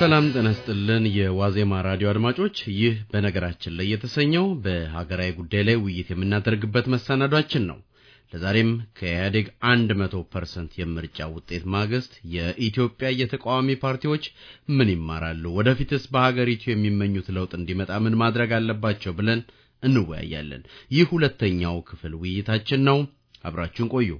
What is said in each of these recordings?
ሰላም ጤና ይስጥልን። የዋዜማ ራዲዮ አድማጮች፣ ይህ በነገራችን ላይ የተሰኘው በሀገራዊ ጉዳይ ላይ ውይይት የምናደርግበት መሰናዷችን ነው። ለዛሬም ከኢህአዴግ 100 ፐርሰንት የምርጫ ውጤት ማግስት የኢትዮጵያ የተቃዋሚ ፓርቲዎች ምን ይማራሉ፣ ወደፊትስ በሀገሪቱ የሚመኙት ለውጥ እንዲመጣ ምን ማድረግ አለባቸው ብለን እንወያያለን። ይህ ሁለተኛው ክፍል ውይይታችን ነው። አብራችሁን ቆዩ።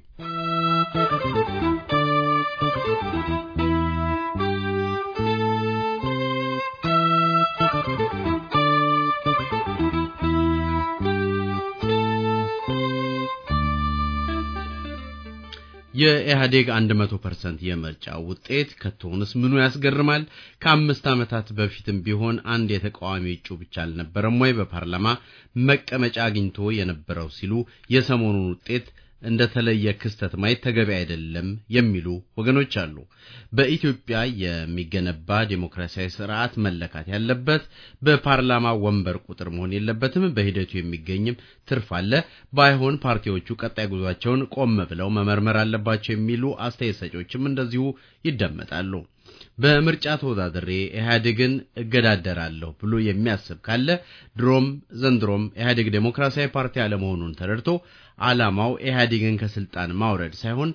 የኢህአዴግ 100% የምርጫ ውጤት ከቶውንስ ምኑ ያስገርማል? ከአምስት ዓመታት በፊትም ቢሆን አንድ የተቃዋሚ እጩ ብቻ አልነበረም ወይ በፓርላማ መቀመጫ አግኝቶ የነበረው ሲሉ የሰሞኑን ውጤት እንደተለየ ክስተት ማየት ተገቢ አይደለም የሚሉ ወገኖች አሉ። በኢትዮጵያ የሚገነባ ዴሞክራሲያዊ ስርዓት መለካት ያለበት በፓርላማ ወንበር ቁጥር መሆን የለበትም። በሂደቱ የሚገኝም ትርፍ አለ። ባይሆን ፓርቲዎቹ ቀጣይ ጉዟቸውን ቆም ብለው መመርመር አለባቸው የሚሉ አስተያየት ሰጪዎችም እንደዚሁ ይደመጣሉ። በምርጫ ተወዳድሬ ኢህአዴግን እገዳደራለሁ ብሎ የሚያስብ ካለ ድሮም ዘንድሮም ኢህአዴግ ዴሞክራሲያዊ ፓርቲ አለመሆኑን ተረድቶ ዓላማው ኢህአዴግን ከስልጣን ማውረድ ሳይሆን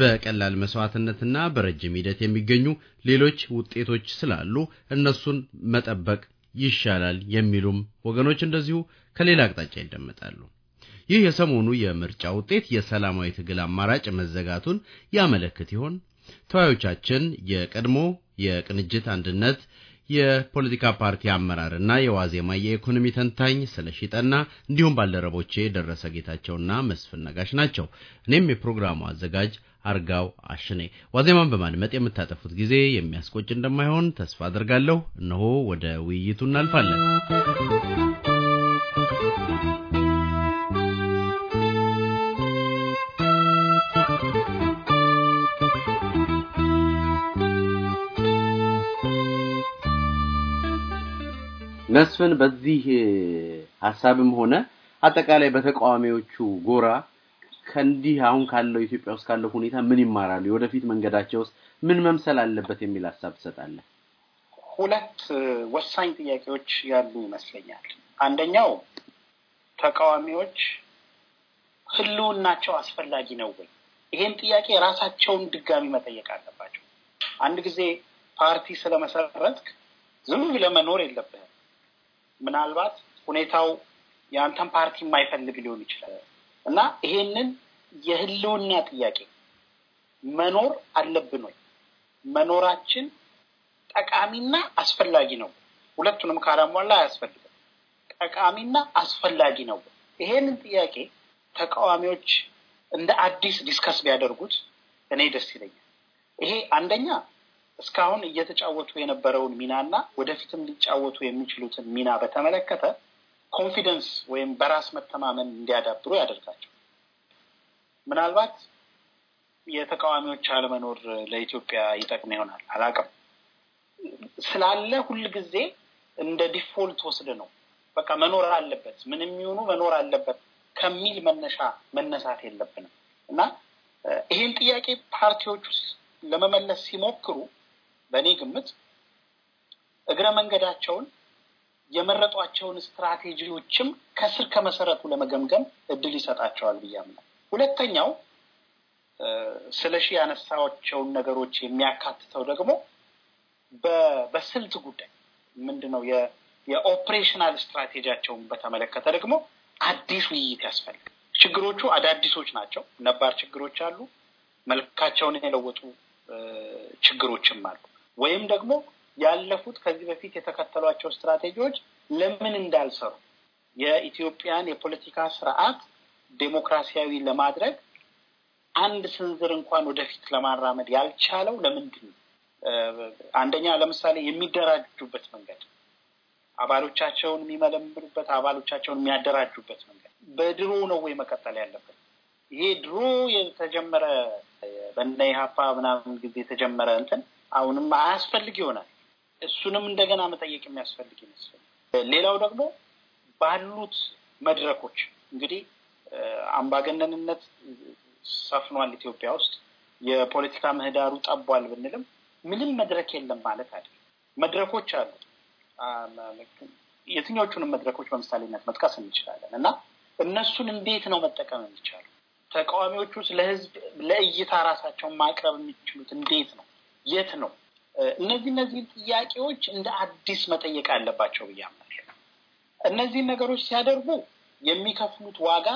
በቀላል መስዋዕትነትና በረጅም ሂደት የሚገኙ ሌሎች ውጤቶች ስላሉ እነሱን መጠበቅ ይሻላል የሚሉም ወገኖች እንደዚሁ ከሌላ አቅጣጫ ይደመጣሉ። ይህ የሰሞኑ የምርጫ ውጤት የሰላማዊ ትግል አማራጭ መዘጋቱን ያመለክት ይሆን? ተወያዮቻችን የቀድሞ የቅንጅት አንድነት የፖለቲካ ፓርቲ አመራርና የዋዜማ የኢኮኖሚ ተንታኝ ስለሽጠና እንዲሁም ባልደረቦቼ ደረሰ ጌታቸውና መስፍን ነጋሽ ናቸው። እኔም የፕሮግራሙ አዘጋጅ አርጋው አሽኔ። ዋዜማን በማድመጥ የምታጠፉት ጊዜ የሚያስቆጭ እንደማይሆን ተስፋ አድርጋለሁ። እነሆ ወደ ውይይቱ እናልፋለን። መስፍን በዚህ ሀሳብም ሆነ አጠቃላይ በተቃዋሚዎቹ ጎራ ከእንዲህ አሁን ካለው ኢትዮጵያ ውስጥ ካለው ሁኔታ ምን ይማራሉ? የወደፊት መንገዳቸው ውስጥ ምን መምሰል አለበት የሚል ሀሳብ ትሰጣለህ? ሁለት ወሳኝ ጥያቄዎች ያሉ ይመስለኛል። አንደኛው ተቃዋሚዎች ህልውናቸው አስፈላጊ ነው ወይ? ይሄን ጥያቄ ራሳቸውን ድጋሚ መጠየቅ አለባቸው። አንድ ጊዜ ፓርቲ ስለመሰረትክ ዝም ብለ መኖር የለብህም። ምናልባት ሁኔታው የአንተን ፓርቲ የማይፈልግ ሊሆን ይችላል እና ይሄንን የህልውና ጥያቄ መኖር አለብን ወይ? መኖራችን ጠቃሚና አስፈላጊ ነው። ሁለቱንም ካላሟላ አያስፈልግም። ጠቃሚና አስፈላጊ ነው። ይሄንን ጥያቄ ተቃዋሚዎች እንደ አዲስ ዲስከስ ቢያደርጉት እኔ ደስ ይለኛል። ይሄ አንደኛ እስካሁን እየተጫወቱ የነበረውን ሚናና ወደፊትም ሊጫወቱ የሚችሉትን ሚና በተመለከተ ኮንፊደንስ ወይም በራስ መተማመን እንዲያዳብሩ ያደርጋቸው። ምናልባት የተቃዋሚዎች አለመኖር ለኢትዮጵያ ይጠቅም ይሆናል አላውቅም። ስላለ ሁልጊዜ እንደ ዲፎልት ወስድ ነው በቃ መኖር አለበት ምንም የሚሆኑ መኖር አለበት ከሚል መነሻ መነሳት የለብንም እና ይህን ጥያቄ ፓርቲዎች ለመመለስ ሲሞክሩ በእኔ ግምት እግረ መንገዳቸውን የመረጧቸውን ስትራቴጂዎችም ከስር ከመሰረቱ ለመገምገም እድል ይሰጣቸዋል ብያም ነው። ሁለተኛው ስለ ሺ ያነሳቸውን ነገሮች የሚያካትተው ደግሞ በስልት ጉዳይ ምንድነው ነው የኦፕሬሽናል ስትራቴጂያቸውን በተመለከተ ደግሞ አዲስ ውይይት ያስፈልጋል። ችግሮቹ አዳዲሶች ናቸው። ነባር ችግሮች አሉ። መልካቸውን የለወጡ ችግሮችም አሉ። ወይም ደግሞ ያለፉት ከዚህ በፊት የተከተሏቸው ስትራቴጂዎች ለምን እንዳልሰሩ የኢትዮጵያን የፖለቲካ ስርዓት ዴሞክራሲያዊ ለማድረግ አንድ ስንዝር እንኳን ወደፊት ለማራመድ ያልቻለው ለምንድን ነው? አንደኛ ለምሳሌ የሚደራጁበት መንገድ፣ አባሎቻቸውን የሚመለምሉበት፣ አባሎቻቸውን የሚያደራጁበት መንገድ በድሮ ነው ወይ መቀጠል ያለበት? ይሄ ድሮ የተጀመረ በነ ኢህአፓ ምናምን ጊዜ የተጀመረ እንትን አሁንም አያስፈልግ ይሆናል። እሱንም እንደገና መጠየቅ የሚያስፈልግ ይመስላል። ሌላው ደግሞ ባሉት መድረኮች እንግዲህ አምባገነንነት ሰፍኗል ኢትዮጵያ ውስጥ የፖለቲካ ምህዳሩ ጠቧል ብንልም ምንም መድረክ የለም ማለት አይደል። መድረኮች አሉ። የትኞቹንም መድረኮች በምሳሌነት መጥቀስ እንችላለን እና እነሱን እንዴት ነው መጠቀም የሚቻሉ? ተቃዋሚዎቹ ለህዝብ ለእይታ ራሳቸውን ማቅረብ የሚችሉት እንዴት ነው? የት ነው? እነዚህ እነዚህን ጥያቄዎች እንደ አዲስ መጠየቅ አለባቸው ብዬ አምናለሁ። እነዚህን ነገሮች ሲያደርጉ የሚከፍሉት ዋጋ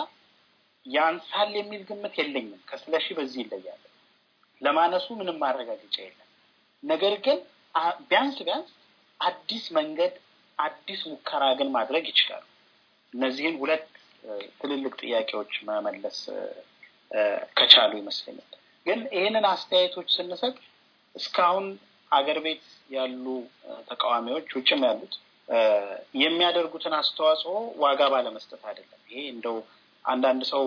ያንሳል የሚል ግምት የለኝም። ከስለሺ በዚህ ይለያል። ለማነሱ ምንም ማረጋገጫ የለም። ነገር ግን ቢያንስ ቢያንስ አዲስ መንገድ፣ አዲስ ሙከራ ግን ማድረግ ይችላሉ። እነዚህን ሁለት ትልልቅ ጥያቄዎች መመለስ ከቻሉ ይመስለኛል። ግን ይህንን አስተያየቶች ስንሰጥ እስካሁን አገር ቤት ያሉ ተቃዋሚዎች ውጭም ያሉት የሚያደርጉትን አስተዋጽኦ ዋጋ ባለመስጠት አይደለም። ይሄ እንደው አንዳንድ ሰው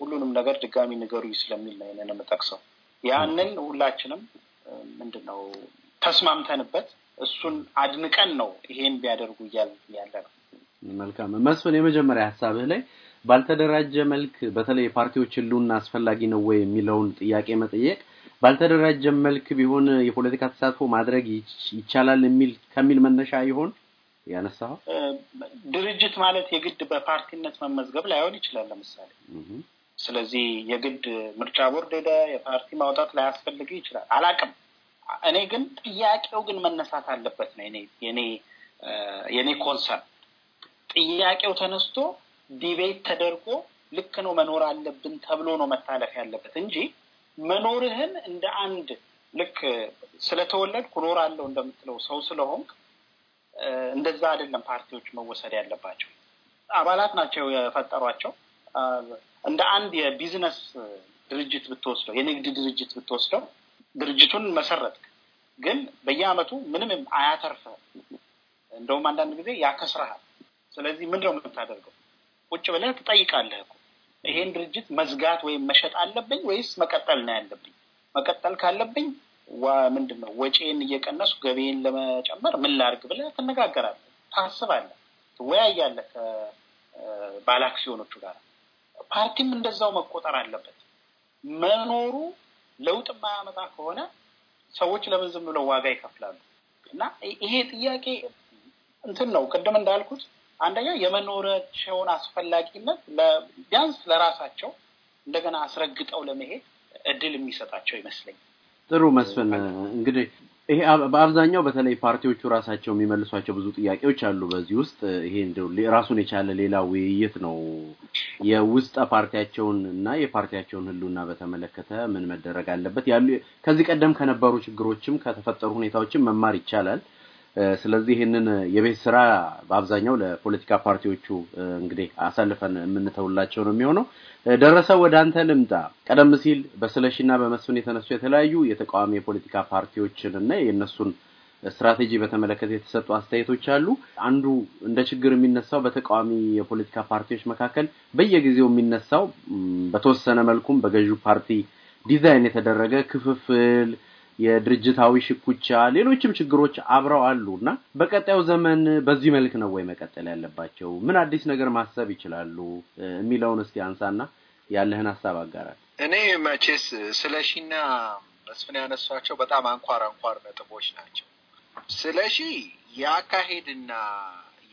ሁሉንም ነገር ድጋሚ ንገሩ ስለሚል ነው ይንን የምጠቅሰው። ያንን ሁላችንም ምንድን ነው ተስማምተንበት እሱን አድንቀን ነው ይሄን ቢያደርጉ እያል ያለ ነው። መልካም መስፍን፣ የመጀመሪያ ሀሳብህ ላይ ባልተደራጀ መልክ በተለይ የፓርቲዎች ህልውና አስፈላጊ ነው ወይ የሚለውን ጥያቄ መጠየቅ ባልተደራጀም መልክ ቢሆን የፖለቲካ ተሳትፎ ማድረግ ይቻላል የሚል ከሚል መነሻ ይሆን ያነሳው ድርጅት ማለት የግድ በፓርቲነት መመዝገብ ላይሆን ይችላል። ለምሳሌ ስለዚህ የግድ ምርጫ ቦርድ ሄደ የፓርቲ ማውጣት ላያስፈልግ ይችላል። አላቅም። እኔ ግን ጥያቄው ግን መነሳት አለበት ነው የኔ የኔ ኮንሰርን። ጥያቄው ተነስቶ ዲቤት ተደርጎ ልክ ነው መኖር አለብን ተብሎ ነው መታለፍ ያለበት እንጂ መኖርህን እንደ አንድ ልክ ስለተወለድኩ እኖራለሁ እንደምትለው ሰው ስለሆንክ እንደዛ አይደለም ፓርቲዎች መወሰድ ያለባቸው። አባላት ናቸው የፈጠሯቸው። እንደ አንድ የቢዝነስ ድርጅት ብትወስደው፣ የንግድ ድርጅት ብትወስደው፣ ድርጅቱን መሰረትክ፣ ግን በየአመቱ ምንም አያተርፈ፣ እንደውም አንዳንድ ጊዜ ያከስረሃል። ስለዚህ ምንድነው የምታደርገው? ቁጭ ብለህ ትጠይቃለህ እኮ ይሄን ድርጅት መዝጋት ወይም መሸጥ አለብኝ ወይስ መቀጠል ነው ያለብኝ? መቀጠል ካለብኝ ምንድን ነው ወጪን እየቀነሱ ገቢን ለመጨመር ምን ላርግ ብለህ ትነጋገራለህ፣ ታስባለህ፣ ትወያያለህ አክሲዮኖቹ ጋር። ፓርቲም እንደዛው መቆጠር አለበት። መኖሩ ለውጥ የማያመጣ ከሆነ ሰዎች ለምን ዝም ብለው ዋጋ ይከፍላሉ? እና ይሄ ጥያቄ እንትን ነው ቅድም እንዳልኩት አንደኛ የመኖራቸውን አስፈላጊነት ቢያንስ ለራሳቸው እንደገና አስረግጠው ለመሄድ እድል የሚሰጣቸው ይመስለኝ ጥሩ መስፍን፣ እንግዲህ ይሄ በአብዛኛው በተለይ ፓርቲዎቹ ራሳቸው የሚመልሷቸው ብዙ ጥያቄዎች አሉ። በዚህ ውስጥ ይሄ እንደው ራሱን የቻለ ሌላ ውይይት ነው። የውስጠ ፓርቲያቸውን እና የፓርቲያቸውን ህሉና በተመለከተ ምን መደረግ አለበት ያሉ ከዚህ ቀደም ከነበሩ ችግሮችም ከተፈጠሩ ሁኔታዎችም መማር ይቻላል። ስለዚህ ይህንን የቤት ስራ በአብዛኛው ለፖለቲካ ፓርቲዎቹ እንግዲህ አሳልፈን የምንተውላቸው ነው የሚሆነው። ደረሰ ወደ አንተ ልምጣ። ቀደም ሲል በስለሽና በመስፍን የተነሱ የተለያዩ የተቃዋሚ የፖለቲካ ፓርቲዎችን እና የእነሱን ስትራቴጂ በተመለከተ የተሰጡ አስተያየቶች አሉ። አንዱ እንደ ችግር የሚነሳው በተቃዋሚ የፖለቲካ ፓርቲዎች መካከል በየጊዜው የሚነሳው በተወሰነ መልኩም በገዢው ፓርቲ ዲዛይን የተደረገ ክፍፍል የድርጅታዊ ሽኩቻ፣ ሌሎችም ችግሮች አብረው አሉ እና በቀጣዩ ዘመን በዚህ መልክ ነው ወይ መቀጠል ያለባቸው? ምን አዲስ ነገር ማሰብ ይችላሉ የሚለውን እስቲ አንሳና ያለህን ሀሳብ አጋራል። እኔ መቼስ ስለ ሺና መስፍን ያነሷቸው በጣም አንኳር አንኳር ነጥቦች ናቸው። ስለ ሺ የአካሄድና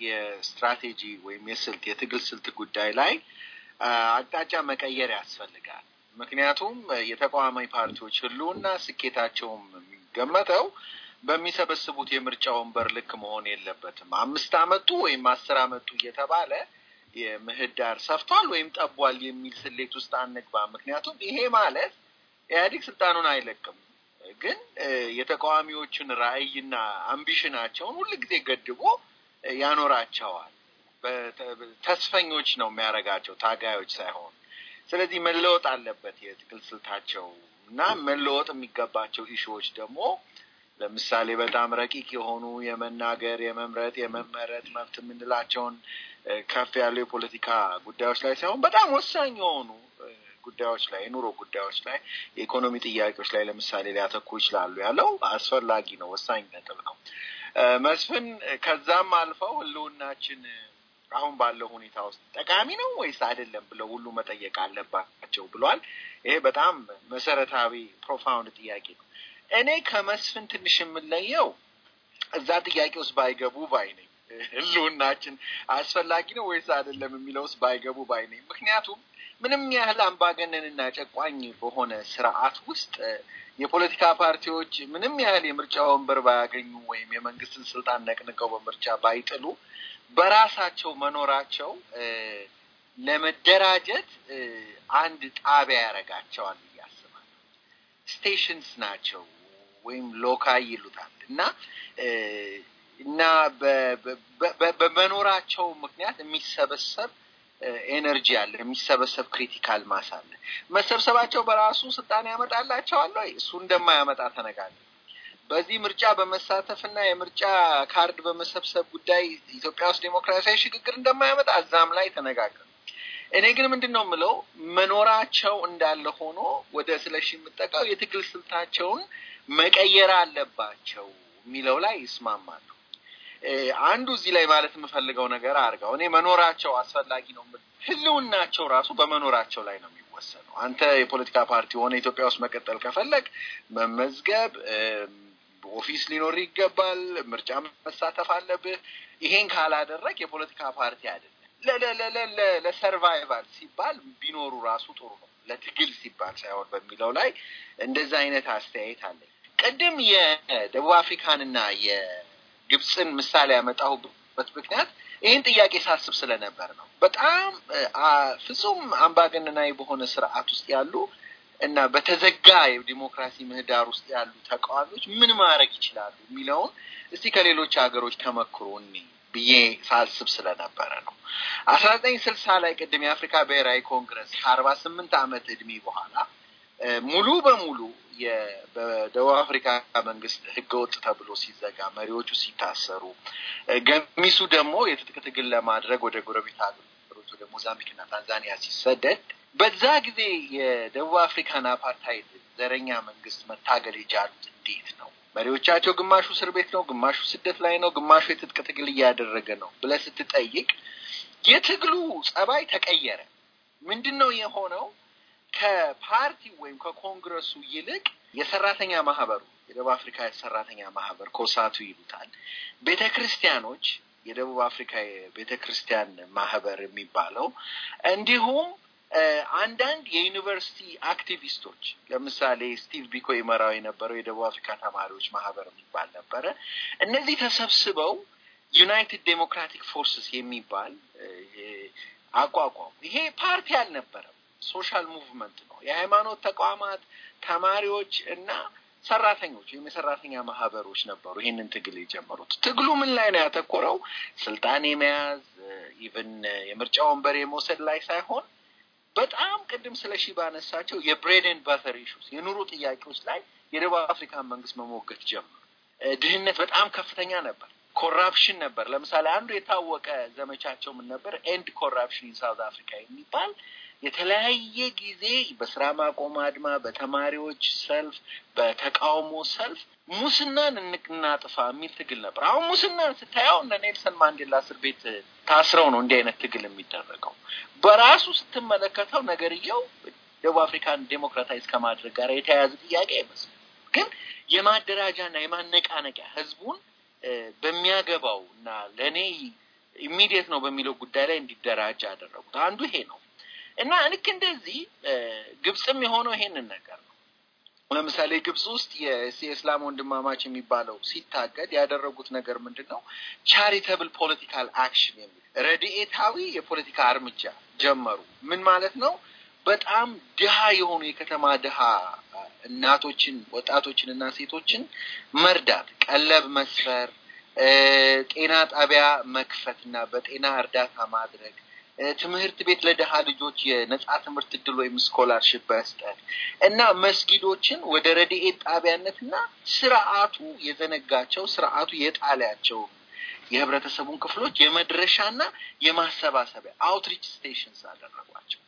የስትራቴጂ ወይም የስልት የትግል ስልት ጉዳይ ላይ አቅጣጫ መቀየር ያስፈልጋል። ምክንያቱም የተቃዋሚ ፓርቲዎች ህልውና ስኬታቸውም የሚገመተው በሚሰበስቡት የምርጫ ወንበር ልክ መሆን የለበትም። አምስት አመቱ ወይም አስር አመቱ እየተባለ የምህዳር ሰፍቷል ወይም ጠቧል የሚል ስሌት ውስጥ አንግባ። ምክንያቱም ይሄ ማለት ኢህአዴግ ስልጣኑን አይለቅም፣ ግን የተቃዋሚዎችን ራዕይና አምቢሽናቸውን ጊዜ ገድቦ ያኖራቸዋል። ተስፈኞች ነው የሚያደርጋቸው ታጋዮች ሳይሆን። ስለዚህ መለወጥ አለበት የትግል ስልታቸው እና መለወጥ የሚገባቸው ኢሹዎች ደግሞ ለምሳሌ በጣም ረቂቅ የሆኑ የመናገር፣ የመምረጥ፣ የመመረጥ መብት የምንላቸውን ከፍ ያሉ የፖለቲካ ጉዳዮች ላይ ሳይሆን በጣም ወሳኝ የሆኑ ጉዳዮች ላይ የኑሮ ጉዳዮች ላይ የኢኮኖሚ ጥያቄዎች ላይ ለምሳሌ ሊያተኩ ይችላሉ ያለው አስፈላጊ ነው፣ ወሳኝ ነጥብ ነው መስፍን። ከዛም አልፈው ህልውናችን አሁን ባለው ሁኔታ ውስጥ ጠቃሚ ነው ወይስ አይደለም ብለው ሁሉ መጠየቅ አለባቸው ብሏል። ይሄ በጣም መሰረታዊ ፕሮፋውንድ ጥያቄ ነው። እኔ ከመስፍን ትንሽ የምለየው እዛ ጥያቄ ውስጥ ባይገቡ ባይ ነኝ። ህልውናችን አስፈላጊ ነው ወይስ አይደለም የሚለው ውስጥ ባይገቡ ባይ ነኝ። ምክንያቱም ምንም ያህል አምባገነንና ጨቋኝ በሆነ ስርዓት ውስጥ የፖለቲካ ፓርቲዎች ምንም ያህል የምርጫ ወንበር ባያገኙ ወይም የመንግስትን ስልጣን ነቅንቀው በምርጫ ባይጥሉ በራሳቸው መኖራቸው ለመደራጀት አንድ ጣቢያ ያደርጋቸዋል ብዬ አስባለሁ። ስቴሽንስ ናቸው ወይም ሎካይ ይሉታል እና እና በመኖራቸው ምክንያት የሚሰበሰብ ኤነርጂ አለ፣ የሚሰበሰብ ክሪቲካል ማስ አለ። መሰብሰባቸው በራሱ ስልጣን ያመጣላቸዋል ወይ? እሱ እንደማያመጣ ተነጋገር በዚህ ምርጫ በመሳተፍና የምርጫ ካርድ በመሰብሰብ ጉዳይ ኢትዮጵያ ውስጥ ዴሞክራሲያዊ ሽግግር እንደማያመጣ እዛም ላይ ተነጋገሩ እኔ ግን ምንድን ነው የምለው መኖራቸው እንዳለ ሆኖ ወደ ስለሽ የምጠቃው የትግል ስልታቸውን መቀየር አለባቸው የሚለው ላይ ይስማማሉ። አንዱ እዚህ ላይ ማለት የምፈልገው ነገር አርጋው እኔ መኖራቸው አስፈላጊ ነው። ህልውናቸው ራሱ በመኖራቸው ላይ ነው የሚወሰነው። አንተ የፖለቲካ ፓርቲ ሆነ ኢትዮጵያ ውስጥ መቀጠል ከፈለግ መመዝገብ ኦፊስ ሊኖር ይገባል። ምርጫ መሳተፍ አለብህ። ይሄን ካላደረግ የፖለቲካ ፓርቲ አይደለም። ለሰርቫይቫል ሲባል ቢኖሩ ራሱ ጥሩ ነው፣ ለትግል ሲባል ሳይሆን በሚለው ላይ እንደዛ አይነት አስተያየት አለ። ቅድም የደቡብ አፍሪካንና የግብፅን ምሳሌ ያመጣሁበት ምክንያት ይህን ጥያቄ ሳስብ ስለነበር ነው። በጣም ፍጹም አምባገነናዊ በሆነ ስርዓት ውስጥ ያሉ እና በተዘጋ የዲሞክራሲ ምህዳር ውስጥ ያሉ ተቃዋሚዎች ምን ማድረግ ይችላሉ የሚለውን እስቲ ከሌሎች ሀገሮች ተመክሮ ብዬ ሳስብ ስለነበረ ነው። አስራ ዘጠኝ ስልሳ ላይ ቅድም የአፍሪካ ብሔራዊ ኮንግረስ ከአርባ ስምንት ዓመት እድሜ በኋላ ሙሉ በሙሉ በደቡብ አፍሪካ መንግስት ህገወጥ ተብሎ ሲዘጋ መሪዎቹ ሲታሰሩ፣ ገሚሱ ደግሞ የትጥቅ ትግል ለማድረግ ወደ ጎረቤት ሀገሮች ወደ ሞዛምቢክና ታንዛኒያ ሲሰደድ በዛ ጊዜ የደቡብ አፍሪካን አፓርታይድ ዘረኛ መንግስት መታገል የቻሉት እንዴት ነው? መሪዎቻቸው ግማሹ እስር ቤት ነው፣ ግማሹ ስደት ላይ ነው፣ ግማሹ የትጥቅ ትግል እያደረገ ነው ብለህ ስትጠይቅ የትግሉ ጸባይ ተቀየረ። ምንድን ነው የሆነው? ከፓርቲ ወይም ከኮንግረሱ ይልቅ የሰራተኛ ማህበሩ የደቡብ አፍሪካ የሰራተኛ ማህበር ኮሳቱ ይሉታል። ቤተ ክርስቲያኖች የደቡብ አፍሪካ የቤተ ክርስቲያን ማህበር የሚባለው እንዲሁም አንዳንድ የዩኒቨርሲቲ አክቲቪስቶች ለምሳሌ ስቲቭ ቢኮ ይመራው የነበረው የደቡብ አፍሪካ ተማሪዎች ማህበር የሚባል ነበረ። እነዚህ ተሰብስበው ዩናይትድ ዴሞክራቲክ ፎርስስ የሚባል አቋቋሙ። ይሄ ፓርቲ አልነበረም፣ ሶሻል ሙቭመንት ነው። የሃይማኖት ተቋማት፣ ተማሪዎች እና ሰራተኞች ወይም የሰራተኛ ማህበሮች ነበሩ ይህንን ትግል የጀመሩት። ትግሉ ምን ላይ ነው ያተኮረው? ስልጣን የመያዝ ኢቨን የምርጫ ወንበር የመውሰድ ላይ ሳይሆን በጣም ቅድም ስለ ሺ ባነሳቸው የብሬድን በተር ባተር ኢሹስ የኑሮ ጥያቄዎች ላይ የደቡብ አፍሪካን መንግስት መሞገት ጀመሩ። ድህነት በጣም ከፍተኛ ነበር። ኮራፕሽን ነበር። ለምሳሌ አንዱ የታወቀ ዘመቻቸው ምን ነበር? ኤንድ ኮራፕሽን ኢን ሳውት አፍሪካ የሚባል የተለያየ ጊዜ በስራ ማቆም አድማ፣ በተማሪዎች ሰልፍ፣ በተቃውሞ ሰልፍ ሙስናን እናጥፋ የሚል ትግል ነበር። አሁን ሙስናን ስታየው እነ ኔልሰን ማንዴላ እስር ቤት ታስረው ነው እንዲህ አይነት ትግል የሚደረገው። በራሱ ስትመለከተው ነገርየው ደቡብ አፍሪካን ዴሞክራታይዝ ከማድረግ ጋር የተያያዘ ጥያቄ አይመስል ግን የማደራጃና የማነቃነቂያ ህዝቡን በሚያገባው እና ለእኔ ኢሚዲየት ነው በሚለው ጉዳይ ላይ እንዲደራጅ ያደረጉት አንዱ ይሄ ነው። እና ልክ እንደዚህ ግብፅም የሆነው ይሄንን ነገር ነው። ለምሳሌ ግብፅ ውስጥ የእስላም ወንድማማች የሚባለው ሲታገድ ያደረጉት ነገር ምንድን ነው? ቻሪተብል ፖለቲካል አክሽን የሚል ረድኤታዊ የፖለቲካ እርምጃ ጀመሩ። ምን ማለት ነው? በጣም ድሃ የሆኑ የከተማ ድሃ እናቶችን፣ ወጣቶችን እና ሴቶችን መርዳት፣ ቀለብ መስፈር፣ ጤና ጣቢያ መክፈት እና በጤና እርዳታ ማድረግ ትምህርት ቤት ለድሃ ልጆች የነጻ ትምህርት እድል ወይም ስኮላርሽፕ መስጠት እና መስጊዶችን ወደ ረድኤት ጣቢያነትና ስርዓቱ የዘነጋቸው ስርዓቱ የጣሊያቸው የህብረተሰቡን ክፍሎች የመድረሻና የማሰባሰቢያ አውትሪች ስቴሽንስ አደረጓቸው።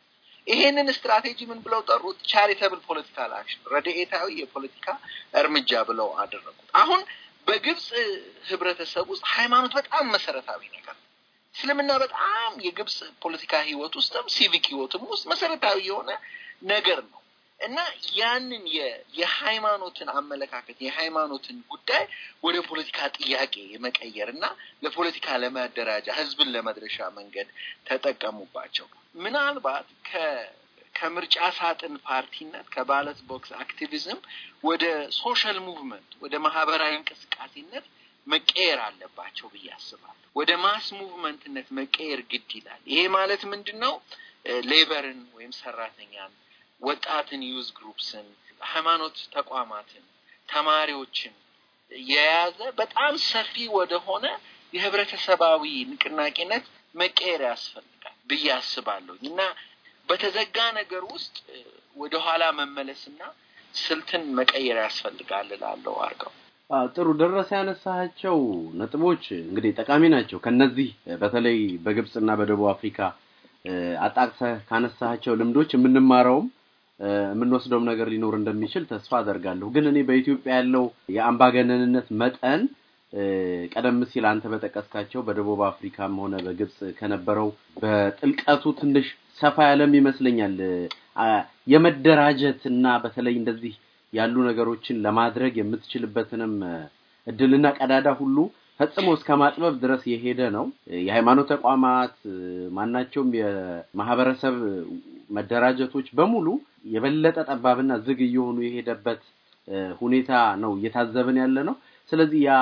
ይሄንን ስትራቴጂ ምን ብለው ጠሩት? ቻሪተብል ፖለቲካል አክሽን፣ ረድኤታዊ የፖለቲካ እርምጃ ብለው አደረጉት። አሁን በግብፅ ህብረተሰብ ውስጥ ሃይማኖት በጣም መሰረታዊ ነገር ነው። እስልምና በጣም የግብፅ ፖለቲካ ህይወት ውስጥም ሲቪክ ህይወትም ውስጥ መሰረታዊ የሆነ ነገር ነው እና ያንን የሃይማኖትን አመለካከት የሃይማኖትን ጉዳይ ወደ ፖለቲካ ጥያቄ የመቀየር እና ለፖለቲካ ለማደራጃ ህዝብን ለመድረሻ መንገድ ተጠቀሙባቸው። ምናልባት ከምርጫ ሳጥን ፓርቲነት ከባለት ቦክስ አክቲቪዝም ወደ ሶሻል ሙቭመንት ወደ ማህበራዊ እንቅስቃሴነት መቀየር አለባቸው ብዬ አስባለሁ። ወደ ማስ ሙቭመንትነት መቀየር ግድ ይላል። ይሄ ማለት ምንድን ነው? ሌበርን ወይም ሰራተኛን፣ ወጣትን፣ ዩዝ ግሩፕስን፣ ሃይማኖት ተቋማትን፣ ተማሪዎችን የያዘ በጣም ሰፊ ወደሆነ የህብረተሰባዊ ንቅናቄነት መቀየር ያስፈልጋል ብዬ አስባለሁ እና በተዘጋ ነገር ውስጥ ወደኋላ መመለስና ስልትን መቀየር ያስፈልጋል እላለሁ አርገው። ጥሩ ደረሰ ያነሳቸው ነጥቦች እንግዲህ ጠቃሚ ናቸው። ከነዚህ በተለይ በግብፅና በደቡብ አፍሪካ አጣቅሰ ካነሳቸው ልምዶች የምንማረውም የምንወስደውም ነገር ሊኖር እንደሚችል ተስፋ አደርጋለሁ። ግን እኔ በኢትዮጵያ ያለው የአምባገነንነት መጠን ቀደም ሲል አንተ በጠቀስካቸው በደቡብ አፍሪካም ሆነ በግብፅ ከነበረው በጥልቀቱ ትንሽ ሰፋ ያለም ይመስለኛል የመደራጀት እና በተለይ እንደዚህ ያሉ ነገሮችን ለማድረግ የምትችልበትንም እድልና ቀዳዳ ሁሉ ፈጽሞ እስከ ማጥበብ ድረስ የሄደ ነው። የሃይማኖት ተቋማት፣ ማናቸውም የማህበረሰብ መደራጀቶች በሙሉ የበለጠ ጠባብና ዝግ እየሆኑ የሄደበት ሁኔታ ነው እየታዘብን ያለ ነው። ስለዚህ ያ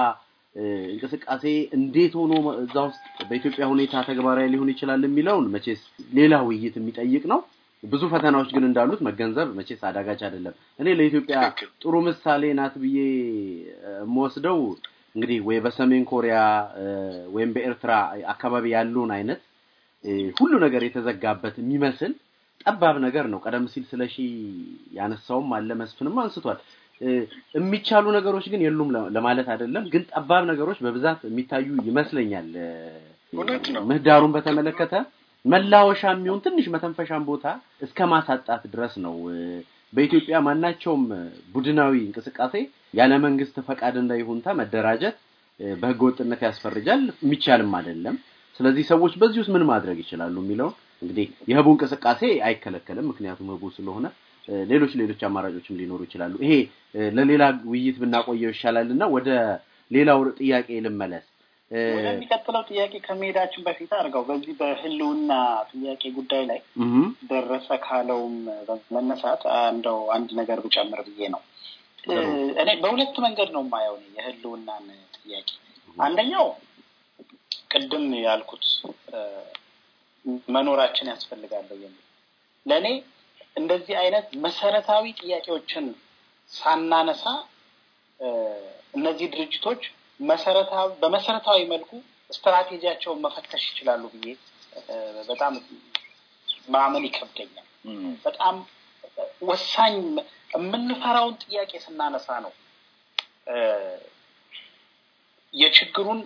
እንቅስቃሴ እንዴት ሆኖ እዛ ውስጥ በኢትዮጵያ ሁኔታ ተግባራዊ ሊሆን ይችላል የሚለውን መቼስ ሌላ ውይይት የሚጠይቅ ነው። ብዙ ፈተናዎች ግን እንዳሉት መገንዘብ መቼ አዳጋች አይደለም። እኔ ለኢትዮጵያ ጥሩ ምሳሌ ናት ብዬ የምወስደው እንግዲህ ወይ በሰሜን ኮሪያ ወይም በኤርትራ አካባቢ ያለውን አይነት ሁሉ ነገር የተዘጋበት የሚመስል ጠባብ ነገር ነው። ቀደም ሲል ስለ ሺ ያነሳውም አለ መስፍንም አንስቷል። የሚቻሉ ነገሮች ግን የሉም ለማለት አይደለም፣ ግን ጠባብ ነገሮች በብዛት የሚታዩ ይመስለኛል። ምህዳሩን በተመለከተ መላወሻ የሚሆን ትንሽ መተንፈሻን ቦታ እስከ ማሳጣት ድረስ ነው። በኢትዮጵያ ማናቸውም ቡድናዊ እንቅስቃሴ ያለ መንግስት ፈቃድ ይሁንታ መደራጀት በህገ ወጥነት ያስፈርጃል፣ የሚቻልም አይደለም። ስለዚህ ሰዎች በዚህ ውስጥ ምን ማድረግ ይችላሉ የሚለው እንግዲህ የህቡ እንቅስቃሴ አይከለከልም፣ ምክንያቱም ህቡ ስለሆነ ሌሎች ሌሎች አማራጮችም ሊኖሩ ይችላሉ። ይሄ ለሌላ ውይይት ብናቆየው ይሻላል እና ወደ ሌላው ጥያቄ ልመለስ። ወደሚቀጥለው ጥያቄ ከመሄዳችን በፊት አድርገው በዚህ በህልውና ጥያቄ ጉዳይ ላይ ደረሰ ካለውም መነሳት እንደው አንድ ነገር ብጨምር ብዬ ነው። እኔ በሁለት መንገድ ነው የማየው የህልውናን ጥያቄ። አንደኛው ቅድም ያልኩት መኖራችን ያስፈልጋለሁ የሚል ለእኔ እንደዚህ አይነት መሰረታዊ ጥያቄዎችን ሳናነሳ እነዚህ ድርጅቶች በመሰረታዊ መልኩ ስትራቴጂያቸውን መፈተሽ ይችላሉ ብዬ በጣም ማመን ይከብደኛል። በጣም ወሳኝ የምንፈራውን ጥያቄ ስናነሳ ነው የችግሩን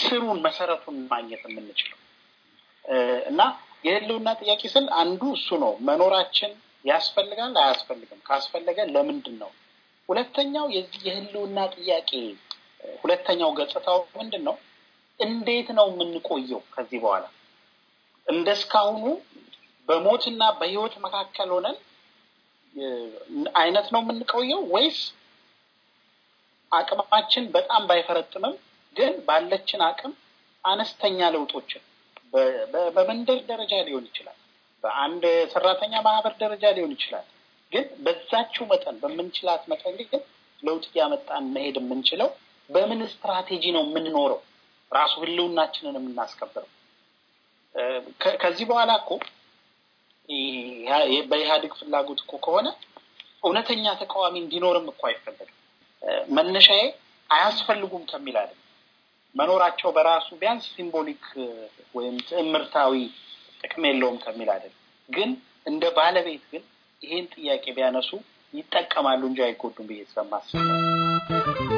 ስሩን መሰረቱን ማግኘት የምንችለው እና የህልውና ጥያቄ ስል አንዱ እሱ ነው። መኖራችን ያስፈልጋል አያስፈልግም? ካስፈለገ ለምንድን ነው? ሁለተኛው የዚህ የህልውና ጥያቄ ሁለተኛው ገጽታው ምንድን ነው? እንዴት ነው የምንቆየው ከዚህ በኋላ እንደስካሁኑ በሞትና በህይወት መካከል ሆነን አይነት ነው የምንቆየው ወይስ አቅማችን በጣም ባይፈረጥምም ግን ባለችን አቅም አነስተኛ ለውጦችን በመንደር ደረጃ ሊሆን ይችላል፣ በአንድ ሰራተኛ ማህበር ደረጃ ሊሆን ይችላል። ግን በዛችው መጠን በምንችላት መጠን ግን ለውጥ እያመጣን መሄድ የምንችለው በምን ስትራቴጂ ነው የምንኖረው? ራሱ ህልውናችንን የምናስከብረው ከዚህ በኋላ እኮ በኢህአዴግ ፍላጎት እኮ ከሆነ እውነተኛ ተቃዋሚ እንዲኖርም እኮ አይፈለግም። መነሻዬ አያስፈልጉም ከሚል አለ መኖራቸው በራሱ ቢያንስ ሲምቦሊክ ወይም ትምህርታዊ ጥቅም የለውም ከሚል አይደለም። ግን እንደ ባለቤት ግን ይሄን ጥያቄ ቢያነሱ ይጠቀማሉ እንጂ አይጎዱም ብዬ ስለማስብ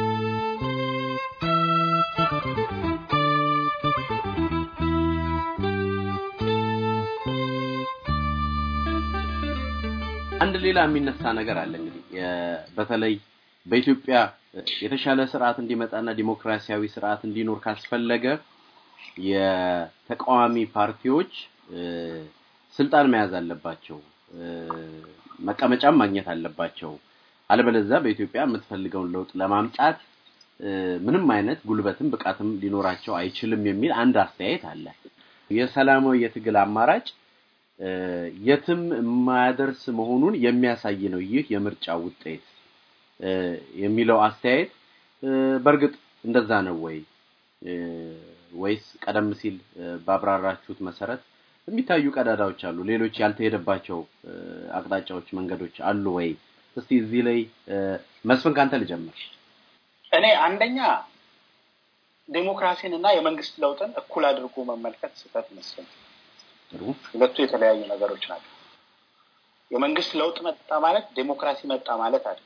አንድ ሌላ የሚነሳ ነገር አለ እንግዲህ በተለይ በኢትዮጵያ የተሻለ ስርዓት እንዲመጣና ዲሞክራሲያዊ ስርዓት እንዲኖር ካስፈለገ የተቃዋሚ ፓርቲዎች ስልጣን መያዝ አለባቸው፣ መቀመጫም ማግኘት አለባቸው። አለበለዚያ በኢትዮጵያ የምትፈልገውን ለውጥ ለማምጣት ምንም አይነት ጉልበትም ብቃትም ሊኖራቸው አይችልም የሚል አንድ አስተያየት አለ። የሰላማዊ የትግል አማራጭ የትም የማያደርስ መሆኑን የሚያሳይ ነው ይህ የምርጫ ውጤት የሚለው አስተያየት በእርግጥ እንደዛ ነው ወይ ወይስ ቀደም ሲል ባብራራችሁት መሰረት የሚታዩ ቀዳዳዎች አሉ ሌሎች ያልተሄደባቸው አቅጣጫዎች መንገዶች አሉ ወይ እስቲ እዚህ ላይ መስፍን ካንተ ልጀምር እኔ አንደኛ ዴሞክራሲን እና የመንግስት ለውጥን እኩል አድርጎ መመልከት ስህተት መስል ሁለቱ የተለያዩ ነገሮች ናቸው። የመንግስት ለውጥ መጣ ማለት ዴሞክራሲ መጣ ማለት አለ።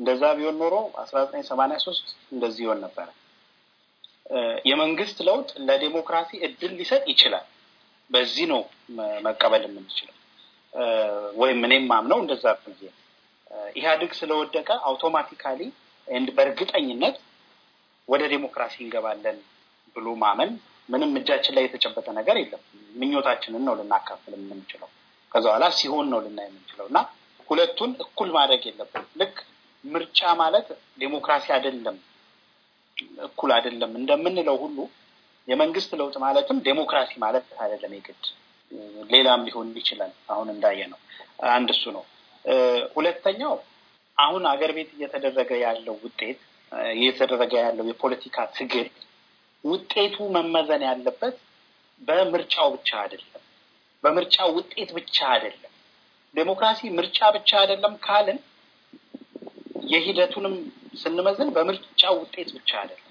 እንደዛ ቢሆን ኖሮ አስራ ዘጠኝ ሰማንያ ሶስት እንደዚህ ይሆን ነበረ። የመንግስት ለውጥ ለዴሞክራሲ እድል ሊሰጥ ይችላል። በዚህ ነው መቀበል የምንችለው ወይም እኔም ማምነው እንደዛ ጊዜ ኢህአዴግ ስለወደቀ አውቶማቲካሊ በእርግጠኝነት ወደ ዴሞክራሲ እንገባለን ብሎ ማመን ምንም እጃችን ላይ የተጨበጠ ነገር የለም። ምኞታችንን ነው ልናካፍል የምንችለው። ከዛ በኋላ ሲሆን ነው ልና የምንችለው እና ሁለቱን እኩል ማድረግ የለብን ልክ ምርጫ ማለት ዴሞክራሲ አይደለም እኩል አይደለም እንደምንለው ሁሉ የመንግስት ለውጥ ማለትም ዴሞክራሲ ማለት አይደለም የግድ ሌላም ሊሆን ይችላል። አሁን እንዳየ ነው። አንድ እሱ ነው። ሁለተኛው አሁን አገር ቤት እየተደረገ ያለው ውጤት እየተደረገ ያለው የፖለቲካ ትግል ውጤቱ መመዘን ያለበት በምርጫው ብቻ አይደለም፣ በምርጫ ውጤት ብቻ አይደለም። ዴሞክራሲ ምርጫ ብቻ አይደለም ካልን የሂደቱንም ስንመዝን በምርጫ ውጤት ብቻ አይደለም።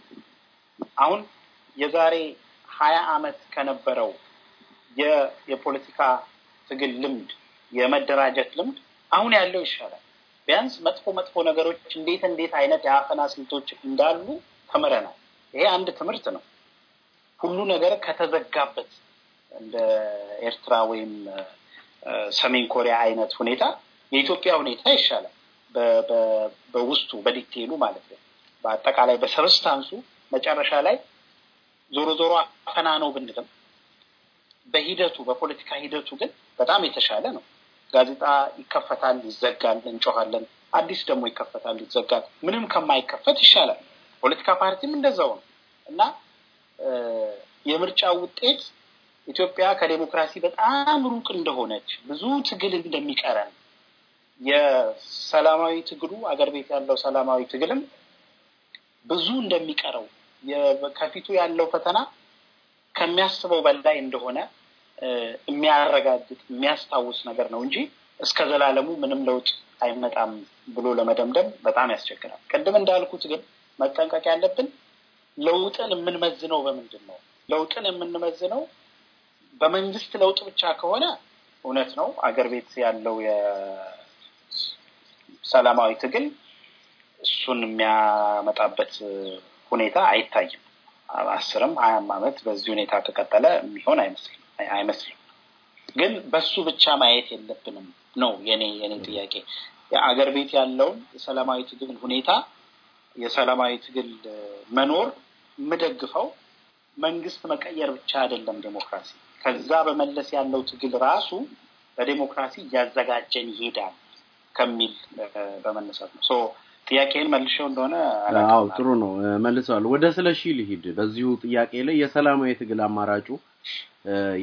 አሁን የዛሬ ሀያ ዓመት ከነበረው የፖለቲካ ትግል ልምድ የመደራጀት ልምድ አሁን ያለው ይሻላል። ቢያንስ መጥፎ መጥፎ ነገሮች እንዴት እንዴት አይነት የአፈና ስልቶች እንዳሉ ተምረናል። ይሄ አንድ ትምህርት ነው። ሁሉ ነገር ከተዘጋበት እንደ ኤርትራ ወይም ሰሜን ኮሪያ አይነት ሁኔታ የኢትዮጵያ ሁኔታ ይሻላል። በውስጡ በዲቴሉ ማለት ነው። በአጠቃላይ በሰብስታንሱ መጨረሻ ላይ ዞሮ ዞሮ አፈና ነው ብንልም በሂደቱ በፖለቲካ ሂደቱ ግን በጣም የተሻለ ነው። ጋዜጣ ይከፈታል፣ ይዘጋል፣ እንጮኋለን። አዲስ ደግሞ ይከፈታል፣ ይዘጋል። ምንም ከማይከፈት ይሻላል። ፖለቲካ ፓርቲም እንደዛው ነው እና የምርጫ ውጤት ኢትዮጵያ ከዴሞክራሲ በጣም ሩቅ እንደሆነች ብዙ ትግል እንደሚቀረን የሰላማዊ ትግሉ አገር ቤት ያለው ሰላማዊ ትግልም ብዙ እንደሚቀረው ከፊቱ ያለው ፈተና ከሚያስበው በላይ እንደሆነ የሚያረጋግጥ የሚያስታውስ ነገር ነው እንጂ እስከ ዘላለሙ ምንም ለውጥ አይመጣም ብሎ ለመደምደም በጣም ያስቸግራል። ቅድም እንዳልኩት ግን መጠንቀቅ ያለብን ለውጥን የምንመዝነው በምንድን ነው? ለውጥን የምንመዝነው በመንግስት ለውጥ ብቻ ከሆነ እውነት ነው፣ አገር ቤት ያለው የሰላማዊ ትግል እሱን የሚያመጣበት ሁኔታ አይታይም። አስርም ሀያም አመት በዚህ ሁኔታ ከቀጠለ የሚሆን አይመስልም። ግን በሱ ብቻ ማየት የለብንም ነው የኔ የኔ ጥያቄ። የአገር ቤት ያለውን የሰላማዊ ትግል ሁኔታ የሰላማዊ ትግል መኖር የምደግፈው መንግስት መቀየር ብቻ አይደለም ዴሞክራሲ ከዛ በመለስ ያለው ትግል ራሱ በዴሞክራሲ እያዘጋጀን ይሄዳል ከሚል በመነሳት ነው። ጥያቄን መልሸው እንደሆነ አዎ፣ ጥሩ ነው መልሰዋል። ወደ ስለ ሺ ልሂድ። በዚሁ ጥያቄ ላይ የሰላማዊ ትግል አማራጩ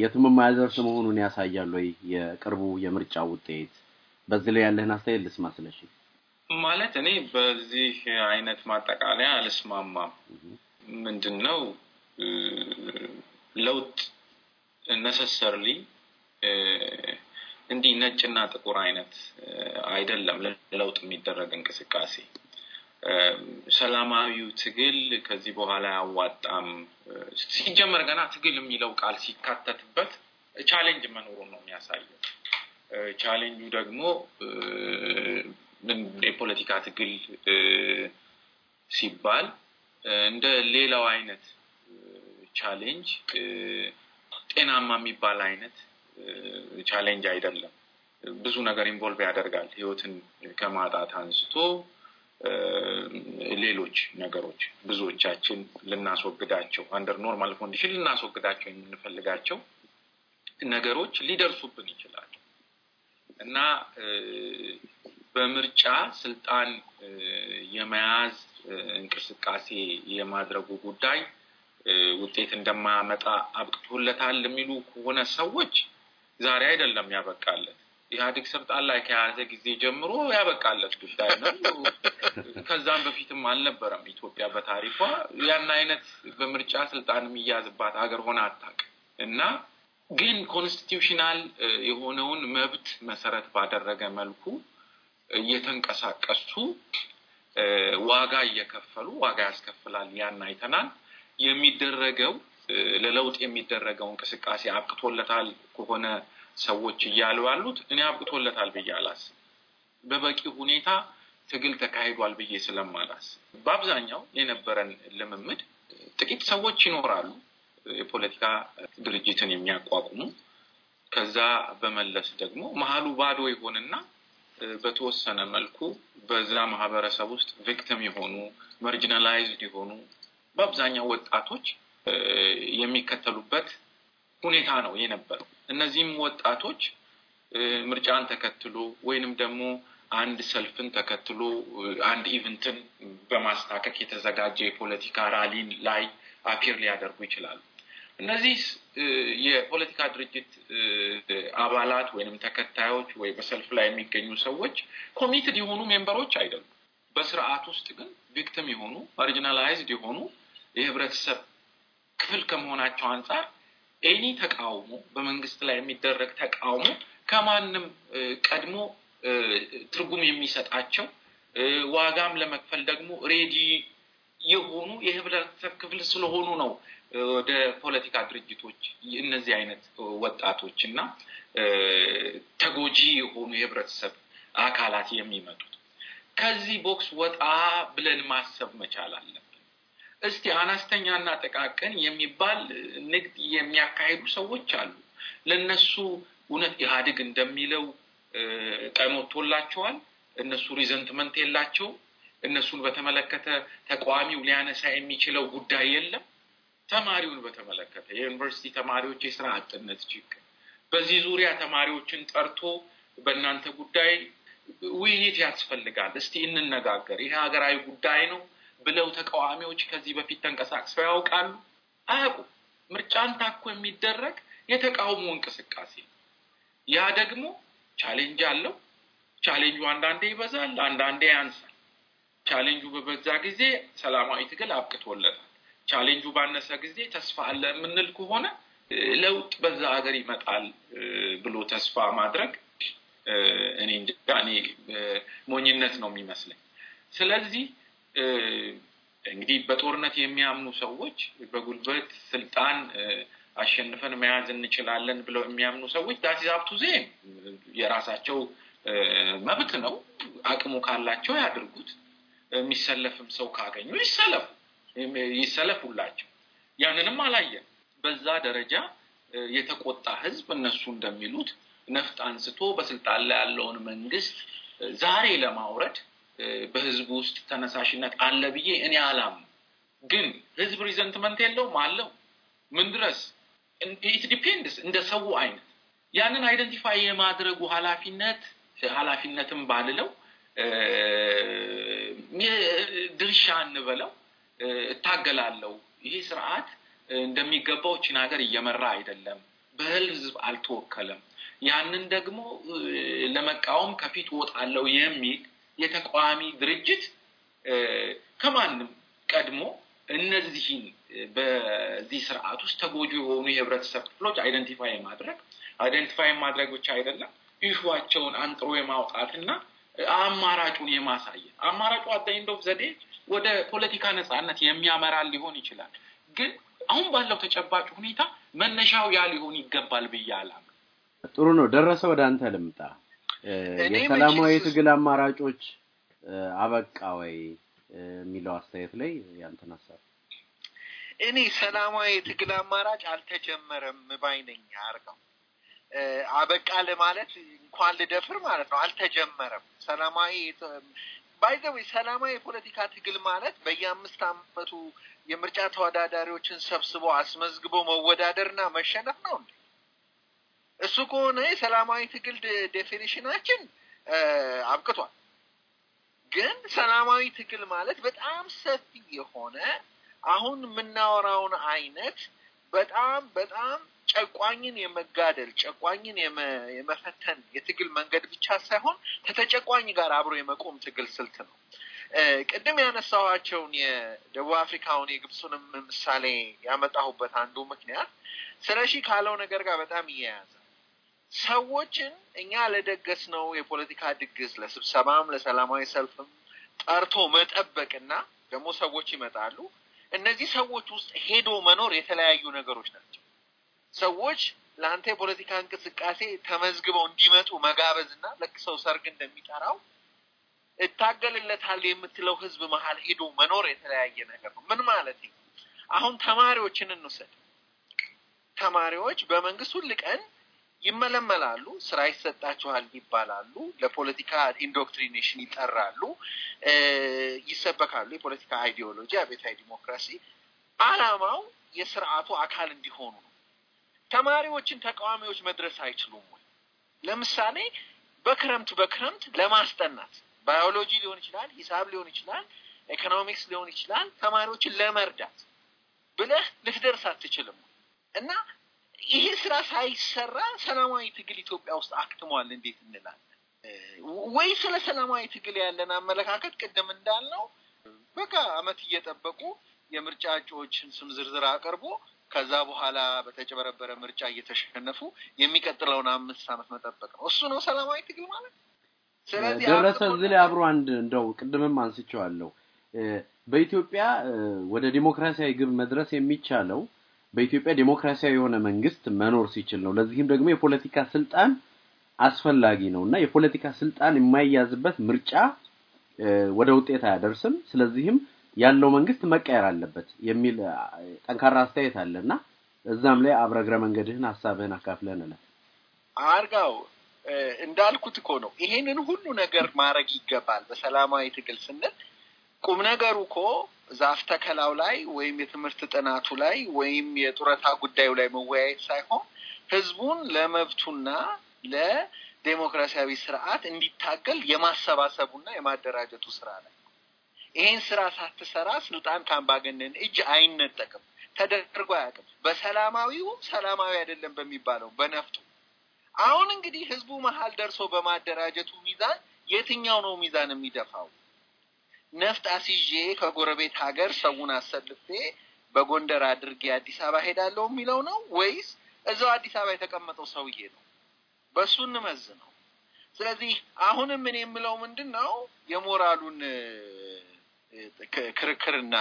የትም የማያደርስ መሆኑን ያሳያል ወይ የቅርቡ የምርጫ ውጤት? በዚህ ላይ ያለህን አስተያየት ልስማ ስለሺ። ማለት እኔ በዚህ አይነት ማጠቃለያ አልስማማም። ምንድን ነው ለውጥ ነሰሰርሊ እንዲህ ነጭና ጥቁር አይነት አይደለም። ለለውጥ የሚደረግ እንቅስቃሴ ሰላማዊው ትግል ከዚህ በኋላ ያዋጣም። ሲጀመር ገና ትግል የሚለው ቃል ሲካተትበት ቻሌንጅ መኖሩን ነው የሚያሳየው። ቻሌንጁ ደግሞ የፖለቲካ ትግል ሲባል እንደ ሌላው አይነት ቻሌንጅ ጤናማ የሚባል አይነት ቻሌንጅ አይደለም። ብዙ ነገር ኢንቮልቭ ያደርጋል። ህይወትን ከማጣት አንስቶ ሌሎች ነገሮች ብዙዎቻችን ልናስወግዳቸው አንደር ኖርማል ኮንዲሽን ልናስወግዳቸው የምንፈልጋቸው ነገሮች ሊደርሱብን ይችላል እና በምርጫ ስልጣን የመያዝ እንቅስቃሴ የማድረጉ ጉዳይ ውጤት እንደማያመጣ አብቅቶለታል የሚሉ ከሆነ ሰዎች ዛሬ አይደለም ያበቃለት። ኢህአዴግ ስልጣን ላይ ከያዘ ጊዜ ጀምሮ ያበቃለት ጉዳይ ነው። ከዛም በፊትም አልነበረም። ኢትዮጵያ በታሪኳ ያን አይነት በምርጫ ስልጣን የሚያዝባት ሀገር ሆና አታውቅም እና ግን ኮንስቲትዩሽናል የሆነውን መብት መሰረት ባደረገ መልኩ እየተንቀሳቀሱ ዋጋ እየከፈሉ ዋጋ ያስከፍላል። ያን አይተናል። የሚደረገው ለለውጥ የሚደረገው እንቅስቃሴ አብቅቶለታል ከሆነ ሰዎች እያሉ ያሉት እኔ አብቅቶለታል ብዬ አላስብ። በበቂ ሁኔታ ትግል ተካሂዷል ብዬ ስለማላስብ በአብዛኛው የነበረን ልምምድ ጥቂት ሰዎች ይኖራሉ የፖለቲካ ድርጅትን የሚያቋቁሙ ከዛ በመለስ ደግሞ መሀሉ ባዶ ይሆንና በተወሰነ መልኩ በዛ ማህበረሰብ ውስጥ ቪክቲም የሆኑ መርጅናላይዝድ የሆኑ በአብዛኛው ወጣቶች የሚከተሉበት ሁኔታ ነው የነበረው። እነዚህም ወጣቶች ምርጫን ተከትሎ ወይንም ደግሞ አንድ ሰልፍን ተከትሎ አንድ ኢቨንትን በማስታከክ የተዘጋጀ የፖለቲካ ራሊን ላይ አፒር ሊያደርጉ ይችላሉ። እነዚህ የፖለቲካ ድርጅት አባላት ወይንም ተከታዮች ወይ በሰልፍ ላይ የሚገኙ ሰዎች ኮሚትድ የሆኑ ሜምበሮች አይደሉም። በስርዓት ውስጥ ግን ቪክትም የሆኑ ማርጂናላይዝድ የሆኑ የህብረተሰብ ክፍል ከመሆናቸው አንጻር ኤኒ ተቃውሞ በመንግስት ላይ የሚደረግ ተቃውሞ ከማንም ቀድሞ ትርጉም የሚሰጣቸው ዋጋም ለመክፈል ደግሞ ሬዲ የሆኑ የህብረተሰብ ክፍል ስለሆኑ ነው ወደ ፖለቲካ ድርጅቶች እነዚህ አይነት ወጣቶች እና ተጎጂ የሆኑ የህብረተሰብ አካላት የሚመጡት ከዚህ ቦክስ ወጣ ብለን ማሰብ መቻል አለብን። እስቲ አነስተኛና ጥቃቅን የሚባል ንግድ የሚያካሂዱ ሰዎች አሉ። ለነሱ እውነት ኢህአዴግ እንደሚለው ቀኖቶላቸዋል። እነሱ ሪዘንትመንት የላቸው። እነሱን በተመለከተ ተቃዋሚው ሊያነሳ የሚችለው ጉዳይ የለም። ተማሪውን በተመለከተ የዩኒቨርሲቲ ተማሪዎች የስራ አጥነት ችግር፣ በዚህ ዙሪያ ተማሪዎችን ጠርቶ በእናንተ ጉዳይ ውይይት ያስፈልጋል፣ እስቲ እንነጋገር፣ ይሄ ሀገራዊ ጉዳይ ነው ብለው ተቃዋሚዎች ከዚህ በፊት ተንቀሳቅሰው ያውቃሉ? አያውቁ። ምርጫን ታኮ የሚደረግ የተቃውሞ እንቅስቃሴ ነው። ያ ደግሞ ቻሌንጅ አለው። ቻሌንጁ አንዳንዴ ይበዛል፣ አንዳንዴ ያንሳል። ቻሌንጁ በበዛ ጊዜ ሰላማዊ ትግል አብቅቶለታል። ቻሌንጁ ባነሰ ጊዜ ተስፋ አለ የምንል ከሆነ ለውጥ በዛ ሀገር ይመጣል ብሎ ተስፋ ማድረግ እኔ እንጃ እኔ ሞኝነት ነው የሚመስለኝ። ስለዚህ እንግዲህ በጦርነት የሚያምኑ ሰዎች በጉልበት ስልጣን አሸንፈን መያዝ እንችላለን ብለው የሚያምኑ ሰዎች ዳሲዛብቱ ዜ የራሳቸው መብት ነው። አቅሙ ካላቸው ያድርጉት። የሚሰለፍም ሰው ካገኙ ይሰለፉ። ይሰለፉላቸው። ያንንም አላየን። በዛ ደረጃ የተቆጣ ህዝብ እነሱ እንደሚሉት ነፍጥ አንስቶ በስልጣን ላይ ያለውን መንግስት ዛሬ ለማውረድ በህዝቡ ውስጥ ተነሳሽነት አለ ብዬ እኔ አላም። ግን ህዝብ ሪዘንትመንት የለውም አለው ምን ድረስ ኢት ዲፔንድስ እንደ ሰው አይነት ያንን አይደንቲፋይ የማድረጉ ኃላፊነት ኃላፊነትም ባልለው ድርሻ እንበለው እታገላለሁ። ይሄ ስርዓት እንደሚገባው ችን ሀገር እየመራ አይደለም፣ በህዝብ አልተወከለም። ያንን ደግሞ ለመቃወም ከፊት ወጣለው የሚል የተቃዋሚ ድርጅት ከማንም ቀድሞ እነዚህን በዚህ ስርዓት ውስጥ ተጎጂ የሆኑ የህብረተሰብ ክፍሎች አይደንቲፋይ ማድረግ አይደንቲፋይ ማድረግ ብቻ አይደለም፣ ኢሹዋቸውን አንጥሮ የማውጣትና አማራጩን የማሳየት አማራጩ አዳኝ እንደው ዘዴ ወደ ፖለቲካ ነጻነት የሚያመራ ሊሆን ይችላል። ግን አሁን ባለው ተጨባጭ ሁኔታ መነሻው ያ ሊሆን ይገባል ብዬ አላምንም። ጥሩ ነው ደረሰ። ወደ አንተ ልምጣ። የሰላማዊ ትግል አማራጮች አበቃ ወይ የሚለው አስተያየት ላይ ያንተን ሀሳብ እኔ ሰላማዊ ትግል አማራጭ አልተጀመረም ባይ አርገው አበቃ ለማለት እንኳን ልደፍር ማለት ነው። አልተጀመረም። ሰላማዊ ባይዘው ሰላማዊ የፖለቲካ ትግል ማለት በየአምስት አመቱ የምርጫ ተወዳዳሪዎችን ሰብስቦ አስመዝግቦ መወዳደርና መሸነፍ ነው እንዴ? እሱ ከሆነ የሰላማዊ ትግል ዴፊኒሽናችን አብቅቷል። ግን ሰላማዊ ትግል ማለት በጣም ሰፊ የሆነ አሁን የምናወራውን አይነት በጣም በጣም ጨቋኝን የመጋደል ጨቋኝን የመፈተን የትግል መንገድ ብቻ ሳይሆን ከተጨቋኝ ጋር አብሮ የመቆም ትግል ስልት ነው። ቅድም ያነሳኋቸውን የደቡብ አፍሪካውን የግብፁንም ምሳሌ ያመጣሁበት አንዱ ምክንያት ስለሺ ካለው ነገር ጋር በጣም እያያዘ ሰዎችን እኛ ለደገስ ነው የፖለቲካ ድግስ ለስብሰባም ለሰላማዊ ሰልፍም ጠርቶ መጠበቅና ደግሞ ሰዎች ይመጣሉ። እነዚህ ሰዎች ውስጥ ሄዶ መኖር የተለያዩ ነገሮች ናቸው። ሰዎች ለአንተ የፖለቲካ እንቅስቃሴ ተመዝግበው እንዲመጡ መጋበዝና ልክ ሰው ሰርግ እንደሚጠራው እታገልለታል የምትለው ህዝብ መሀል ሄዶ መኖር የተለያየ ነገር ነው። ምን ማለት ነው? አሁን ተማሪዎችን እንውሰድ። ተማሪዎች በመንግስት ሁል ቀን ይመለመላሉ፣ ስራ ይሰጣችኋል ይባላሉ፣ ለፖለቲካ ኢንዶክትሪኔሽን ይጠራሉ፣ ይሰበካሉ። የፖለቲካ አይዲዮሎጂ፣ አቤታዊ ዲሞክራሲ አላማው የስርዓቱ አካል እንዲሆኑ ነው። ተማሪዎችን ተቃዋሚዎች መድረስ አይችሉም ወይ? ለምሳሌ በክረምት በክረምት ለማስጠናት ባዮሎጂ ሊሆን ይችላል፣ ሂሳብ ሊሆን ይችላል፣ ኢኮኖሚክስ ሊሆን ይችላል። ተማሪዎችን ለመርዳት ብለህ ልትደርስ አትችልም እና ይሄ ስራ ሳይሰራ ሰላማዊ ትግል ኢትዮጵያ ውስጥ አክትሟል እንዴት እንላለን? ወይ ስለ ሰላማዊ ትግል ያለን አመለካከት ቅድም እንዳልነው በቃ አመት እየጠበቁ የምርጫ እጩዎችን ስም ዝርዝር አቅርቦ ከዛ በኋላ በተጨበረበረ ምርጫ እየተሸነፉ የሚቀጥለውን አምስት ዓመት መጠበቅ ነው። እሱ ነው ሰላማዊ ትግል ማለት። ስለዚህ ደረሰ እዚህ ላይ አብሮ አንድ እንደው ቅድምም አንስቼዋለሁ በኢትዮጵያ ወደ ዲሞክራሲያዊ ግብ መድረስ የሚቻለው በኢትዮጵያ ዲሞክራሲያዊ የሆነ መንግስት መኖር ሲችል ነው። ለዚህም ደግሞ የፖለቲካ ስልጣን አስፈላጊ ነው እና የፖለቲካ ስልጣን የማይያዝበት ምርጫ ወደ ውጤት አያደርስም። ስለዚህም ያለው መንግስት መቀየር አለበት የሚል ጠንካራ አስተያየት አለ እና እዛም ላይ አብረግረ መንገድህን ሀሳብህን አካፍለን ለ አርጋው እንዳልኩት እኮ ነው። ይሄንን ሁሉ ነገር ማድረግ ይገባል። በሰላማዊ ትግል ስንል ቁም ነገሩ እኮ ዛፍ ተከላው ላይ ወይም የትምህርት ጥናቱ ላይ ወይም የጡረታ ጉዳዩ ላይ መወያየት ሳይሆን ህዝቡን ለመብቱና ለዴሞክራሲያዊ ስርዓት እንዲታገል የማሰባሰቡና የማደራጀቱ ስራ ላይ ይህን ስራ ሳትሰራ ስልጣን ከአምባገነን እጅ አይነጠቅም፣ ተደርጎ አያውቅም። በሰላማዊውም ሰላማዊ አይደለም በሚባለው በነፍጡ። አሁን እንግዲህ ህዝቡ መሀል ደርሶ በማደራጀቱ ሚዛን የትኛው ነው ሚዛን የሚደፋው? ነፍጥ አስይዤ ከጎረቤት ሀገር ሰውን አሰልፌ በጎንደር አድርጌ አዲስ አበባ ሄዳለሁ የሚለው ነው ወይስ እዛው አዲስ አበባ የተቀመጠው ሰውዬ ነው? በእሱ እንመዝ ነው። ስለዚህ አሁንም እኔ የምለው ምንድን ነው የሞራሉን ክርክርና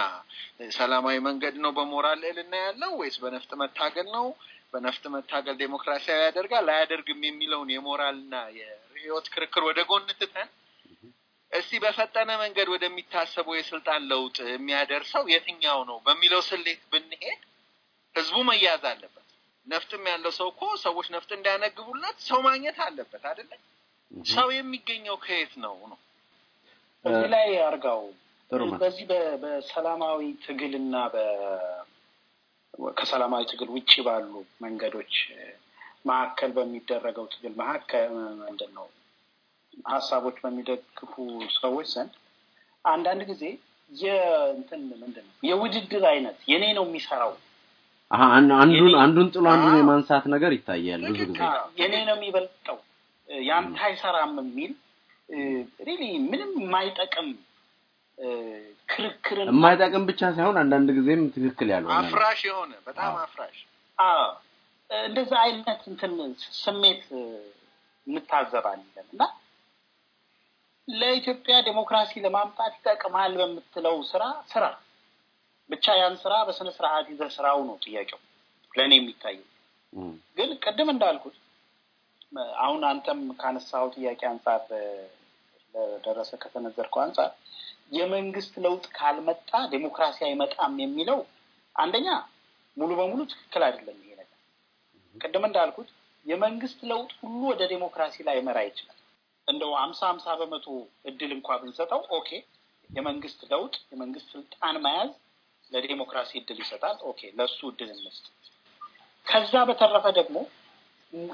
ሰላማዊ መንገድ ነው በሞራል እልና ያለው ወይስ በነፍጥ መታገል ነው? በነፍጥ መታገል ዴሞክራሲያዊ ያደርጋል አያደርግም የሚለውን የሞራልና የርዕዮት ክርክር ወደ ጎን ትተን እስቲ በፈጠነ መንገድ ወደሚታሰበው የስልጣን ለውጥ የሚያደርሰው የትኛው ነው በሚለው ስሌት ብንሄድ ህዝቡ መያዝ አለበት። ነፍጥም ያለው ሰው እኮ ሰዎች ነፍጥ እንዳያነግቡለት ሰው ማግኘት አለበት አይደለም? ሰው የሚገኘው ከየት ነው ነው እዚህ ላይ አርጋው በዚህ በሰላማዊ እና ከሰላማዊ ትግል ውጭ ባሉ መንገዶች መካከል በሚደረገው ትግል መካከል ምንድን ነው ሀሳቦች በሚደግፉ ሰዎች ዘንድ አንዳንድ ጊዜ የእንትን ምንድን ነው የውድድር አይነት የኔ ነው የሚሰራው አንዱን አንዱን ጥሎ አንዱን የማንሳት ነገር ይታያል። ብዙ ጊዜ የኔ ነው የሚበልጠው ያንተ አይሰራም የሚል ሪሊ ምንም የማይጠቅም ክርክርን የማይጠቅም ብቻ ሳይሆን አንዳንድ ጊዜም ትክክል ያለው አፍራሽ የሆነ በጣም አፍራሽ እንደዛ አይነት እንትን ስሜት እንታዘባለን እና ለኢትዮጵያ ዴሞክራሲ ለማምጣት ይጠቅማል በምትለው ስራ ስራ ብቻ ያን ስራ በስነ ስርዓት ይዘ ስራው ነው ጥያቄው ለእኔ የሚታየ ግን ቅድም እንዳልኩት አሁን አንተም ካነሳው ጥያቄ አንጻር ደረሰ ከተነዘርከው አንጻር የመንግስት ለውጥ ካልመጣ ዴሞክራሲ አይመጣም የሚለው አንደኛ ሙሉ በሙሉ ትክክል አይደለም። ይሄ ነገር ቅድም እንዳልኩት የመንግስት ለውጥ ሁሉ ወደ ዴሞክራሲ ላይ መራ ይችላል። እንደው አምሳ አምሳ በመቶ እድል እንኳ ብንሰጠው ኦኬ፣ የመንግስት ለውጥ የመንግስት ስልጣን መያዝ ለዴሞክራሲ እድል ይሰጣል። ኦኬ፣ ለእሱ እድል እንስጥ። ከዛ በተረፈ ደግሞ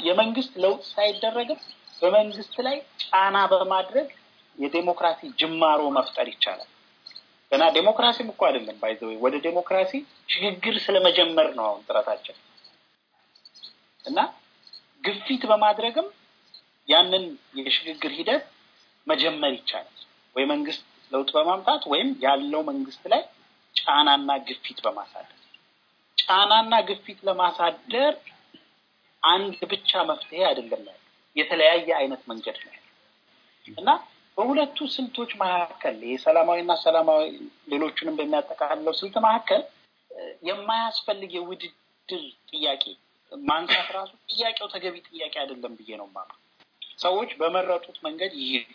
የመንግስት ለውጥ ሳይደረግም በመንግስት ላይ ጫና በማድረግ የዴሞክራሲ ጅማሮ መፍጠር ይቻላል። ገና ዴሞክራሲም እኮ አይደለም ባይዘ ወደ ዴሞክራሲ ሽግግር ስለመጀመር ነው አሁን ጥረታችን እና ግፊት በማድረግም ያንን የሽግግር ሂደት መጀመር ይቻላል ወይ መንግስት ለውጥ በማምጣት ወይም ያለው መንግስት ላይ ጫናና ግፊት በማሳደር ጫናና ግፊት ለማሳደር አንድ ብቻ መፍትሄ አይደለም የተለያየ አይነት መንገድ ነው እና በሁለቱ ስልቶች መካከል የሰላማዊና ሰላማዊ ሌሎቹንም በሚያጠቃልለው ስልት መካከል የማያስፈልግ የውድድር ጥያቄ ማንሳት ራሱ ጥያቄው ተገቢ ጥያቄ አይደለም ብዬ ነው ማ ሰዎች በመረጡት መንገድ ይሄዱ።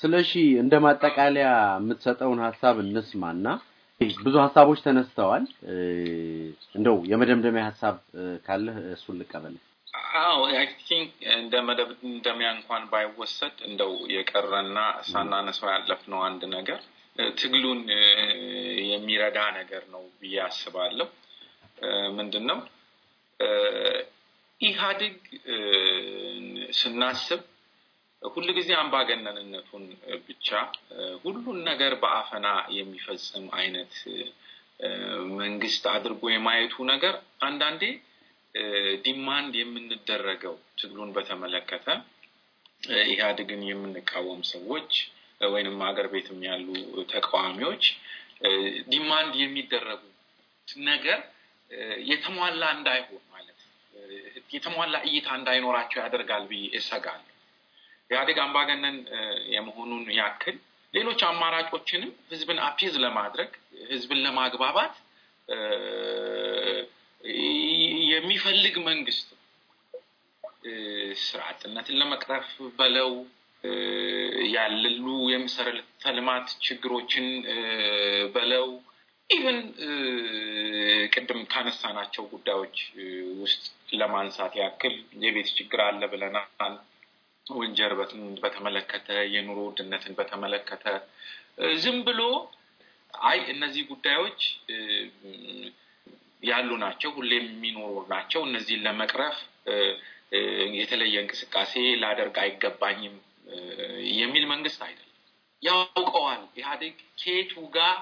ስለሺ እንደ ማጠቃለያ የምትሰጠውን ሀሳብ እንስማና ብዙ ሀሳቦች ተነስተዋል። እንደው የመደምደሚያ ሀሳብ ካለህ እሱን ልቀበልህ። አዎ አይ ቲንክ እንደ መደብ እንደሚያ እንኳን ባይወሰድ እንደው የቀረና ሳናነሳው ያለፍነው አንድ ነገር ትግሉን የሚረዳ ነገር ነው ብዬ አስባለሁ። ምንድን ነው ኢህአዴግ ስናስብ ጊዜ አምባገነንነቱን ብቻ ሁሉን ነገር በአፈና የሚፈጽም አይነት መንግስት አድርጎ የማየቱ ነገር አንዳንዴ ዲማንድ የምንደረገው ትግሉን በተመለከተ ኢህአዴግን የምንቃወም ሰዎች ወይንም ሀገር ቤትም ያሉ ተቃዋሚዎች ዲማንድ የሚደረጉ ነገር የተሟላ እንዳይሆን ማለት የተሟላ እይታ እንዳይኖራቸው ያደርጋል ብዬ እሰጋለሁ። ኢህአዴግ አምባገነን የመሆኑን ያክል ሌሎች አማራጮችንም ህዝብን አፒዝ ለማድረግ ህዝብን ለማግባባት የሚፈልግ መንግስት ስራ አጥነትን ለመቅረፍ በለው ያሉ የመሰረተ ልማት ችግሮችን በለው ኢቨን ቅድም ካነሳናቸው ጉዳዮች ውስጥ ለማንሳት ያክል የቤት ችግር አለ ብለናል። ወንጀርበትን በተመለከተ የኑሮ ውድነትን በተመለከተ ዝም ብሎ አይ እነዚህ ጉዳዮች ያሉ ናቸው፣ ሁሌም የሚኖሩ ናቸው። እነዚህን ለመቅረፍ የተለየ እንቅስቃሴ ላደርግ አይገባኝም የሚል መንግስት አይደለም። ያውቀዋል። ኢህአዴግ ከየቱ ጋር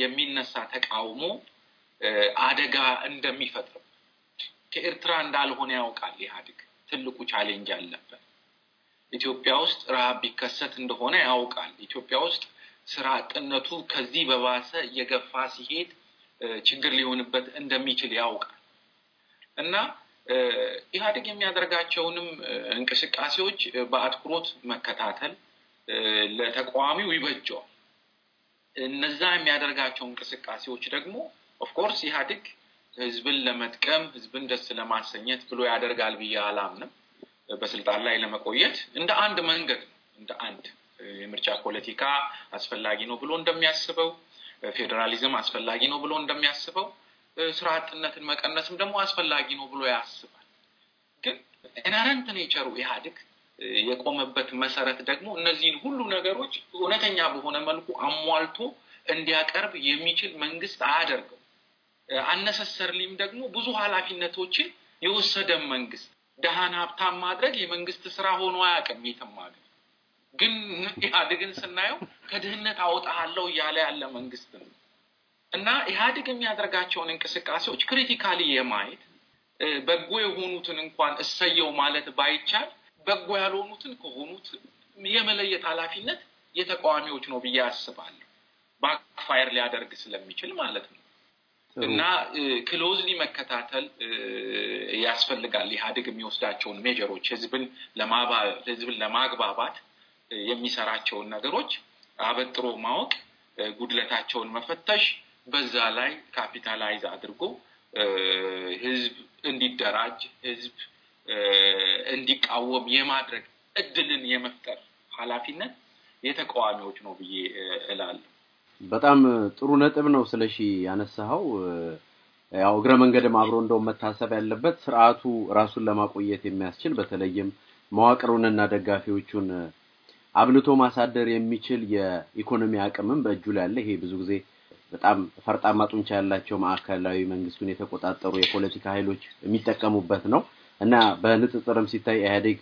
የሚነሳ ተቃውሞ አደጋ እንደሚፈጥር ከኤርትራ እንዳልሆነ ያውቃል። ኢህአዴግ ትልቁ ቻሌንጅ አለበት። ኢትዮጵያ ውስጥ ረሃብ ቢከሰት እንደሆነ ያውቃል። ኢትዮጵያ ውስጥ ስራ አጥነቱ ከዚህ በባሰ እየገፋ ሲሄድ ችግር ሊሆንበት እንደሚችል ያውቃል እና ኢህአዴግ የሚያደርጋቸውንም እንቅስቃሴዎች በአትኩሮት መከታተል ለተቃዋሚው ይበጀዋል። እነዛ የሚያደርጋቸው እንቅስቃሴዎች ደግሞ ኦፍኮርስ ኢህአዴግ ህዝብን ለመጥቀም ህዝብን ደስ ለማሰኘት ብሎ ያደርጋል ብዬ አላምንም። በስልጣን ላይ ለመቆየት እንደ አንድ መንገድ ነው እንደ አንድ የምርጫ ፖለቲካ አስፈላጊ ነው ብሎ እንደሚያስበው ፌዴራሊዝም አስፈላጊ ነው ብሎ እንደሚያስበው ስራ አጥነትን መቀነስም ደግሞ አስፈላጊ ነው ብሎ ያስባል። ግን ኢነረንት ኔቸሩ ኢህአዴግ የቆመበት መሰረት ደግሞ እነዚህን ሁሉ ነገሮች እውነተኛ በሆነ መልኩ አሟልቶ እንዲያቀርብ የሚችል መንግስት አያደርገው። አነሰሰርሊም ደግሞ ብዙ ኃላፊነቶችን የወሰደ መንግስት፣ ደሃን ሀብታም ማድረግ የመንግስት ስራ ሆኖ አያውቅም የትም ሀገር ግን ኢህአዴግን ስናየው ከድህነት አወጣሃለሁ እያለ ያለ መንግስት ነው እና ኢህአዴግ የሚያደርጋቸውን እንቅስቃሴዎች ክሪቲካሊ የማየት በጎ የሆኑትን እንኳን እሰየው ማለት ባይቻል በጎ ያልሆኑትን ከሆኑት የመለየት ኃላፊነት የተቃዋሚዎች ነው ብዬ አስባለሁ። ባክፋየር ሊያደርግ ስለሚችል ማለት ነው እና ክሎዝሊ መከታተል ያስፈልጋል። ኢህአዴግ የሚወስዳቸውን ሜጀሮች ህዝብን ለማግባባት የሚሰራቸውን ነገሮች አበጥሮ ማወቅ፣ ጉድለታቸውን መፈተሽ፣ በዛ ላይ ካፒታላይዝ አድርጎ ህዝብ እንዲደራጅ፣ ህዝብ እንዲቃወም የማድረግ እድልን የመፍጠር ኃላፊነት የተቃዋሚዎች ነው ብዬ እላለሁ። በጣም ጥሩ ነጥብ ነው ስለሺ ያነሳኸው። ያው እግረ መንገድም አብሮ እንደውም መታሰብ ያለበት ስርዓቱ ራሱን ለማቆየት የሚያስችል በተለይም መዋቅሩንና ደጋፊዎቹን አብልቶ ማሳደር የሚችል የኢኮኖሚ አቅምም በእጁ ላይ አለ። ይሄ ብዙ ጊዜ በጣም ፈርጣማ ጡንቻ ያላቸው ማዕከላዊ መንግስቱን የተቆጣጠሩ የፖለቲካ ኃይሎች የሚጠቀሙበት ነው እና በንጽጽርም ሲታይ ኢህአዴግ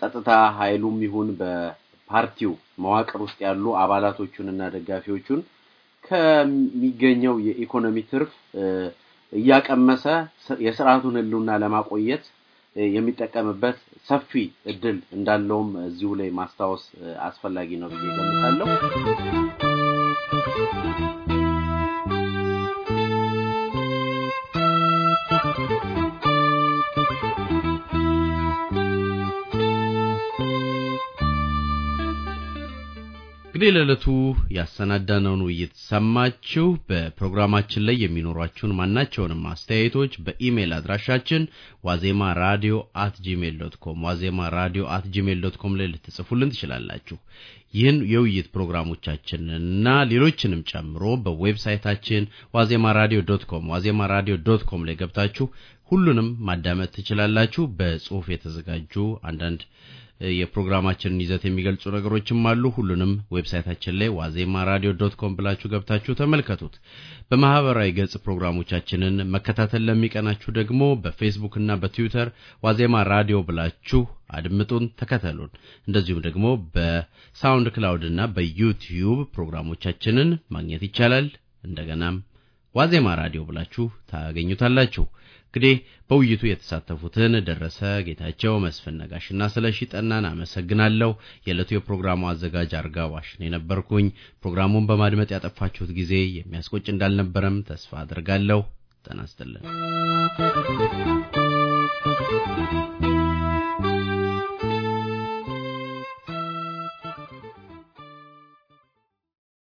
ጸጥታ ኃይሉም ይሁን በፓርቲው መዋቅር ውስጥ ያሉ አባላቶቹን እና ደጋፊዎቹን ከሚገኘው የኢኮኖሚ ትርፍ እያቀመሰ የስርዓቱን ህልውና ለማቆየት የሚጠቀምበት ሰፊ እድል እንዳለውም እዚሁ ላይ ማስታወስ አስፈላጊ ነው ብዬ ገምታለሁ። እንግዲህ ለዕለቱ ያሰናዳነውን ውይይት ሰማችሁ። በፕሮግራማችን ላይ የሚኖሯችሁን ማናቸውንም አስተያየቶች በኢሜይል አድራሻችን ዋዜማ ራዲዮ አት ጂሜል ዶት ኮም ዋዜማ ራዲዮ አት ጂሜል ዶት ኮም ላይ ልትጽፉልን ትችላላችሁ። ይህን የውይይት ፕሮግራሞቻችንንና ሌሎችንም ጨምሮ በዌብሳይታችን ዋዜማ ራዲዮ ዶት ኮም ዋዜማ ራዲዮ ዶት ኮም ላይ ገብታችሁ ሁሉንም ማዳመጥ ትችላላችሁ። በጽሁፍ የተዘጋጁ አንዳንድ የፕሮግራማችንን ይዘት የሚገልጹ ነገሮችም አሉ። ሁሉንም ዌብሳይታችን ላይ ዋዜማ ራዲዮ ዶት ኮም ብላችሁ ገብታችሁ ተመልከቱት። በማህበራዊ ገጽ ፕሮግራሞቻችንን መከታተል ለሚቀናችሁ ደግሞ በፌስቡክ እና በትዊተር ዋዜማ ራዲዮ ብላችሁ አድምጡን፣ ተከተሉን። እንደዚሁም ደግሞ በሳውንድ ክላውድ እና በዩቲዩብ ፕሮግራሞቻችንን ማግኘት ይቻላል። እንደገናም ዋዜማ ራዲዮ ብላችሁ ታገኙታላችሁ። እንግዲህ በውይይቱ የተሳተፉትን ደረሰ ጌታቸው፣ መስፍን ነጋሽና ስለሺ ጠናን አመሰግናለሁ። የዕለቱ የፕሮግራሙ አዘጋጅ አርጋ ዋሽን የነበርኩኝ። ፕሮግራሙን በማድመጥ ያጠፋችሁት ጊዜ የሚያስቆጭ እንዳልነበረም ተስፋ አድርጋለሁ። ጤና ይስጥልን።